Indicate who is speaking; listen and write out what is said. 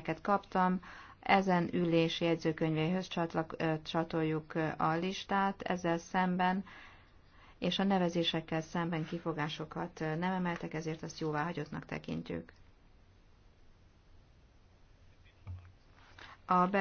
Speaker 1: amelyeket kaptam. Ezen ülés jegyzőkönyvéhöz csatoljuk a listát, ezzel szemben és a nevezésekkel szemben kifogásokat nem emeltek, ezért azt jóváhagyottnak tekintjük.
Speaker 2: A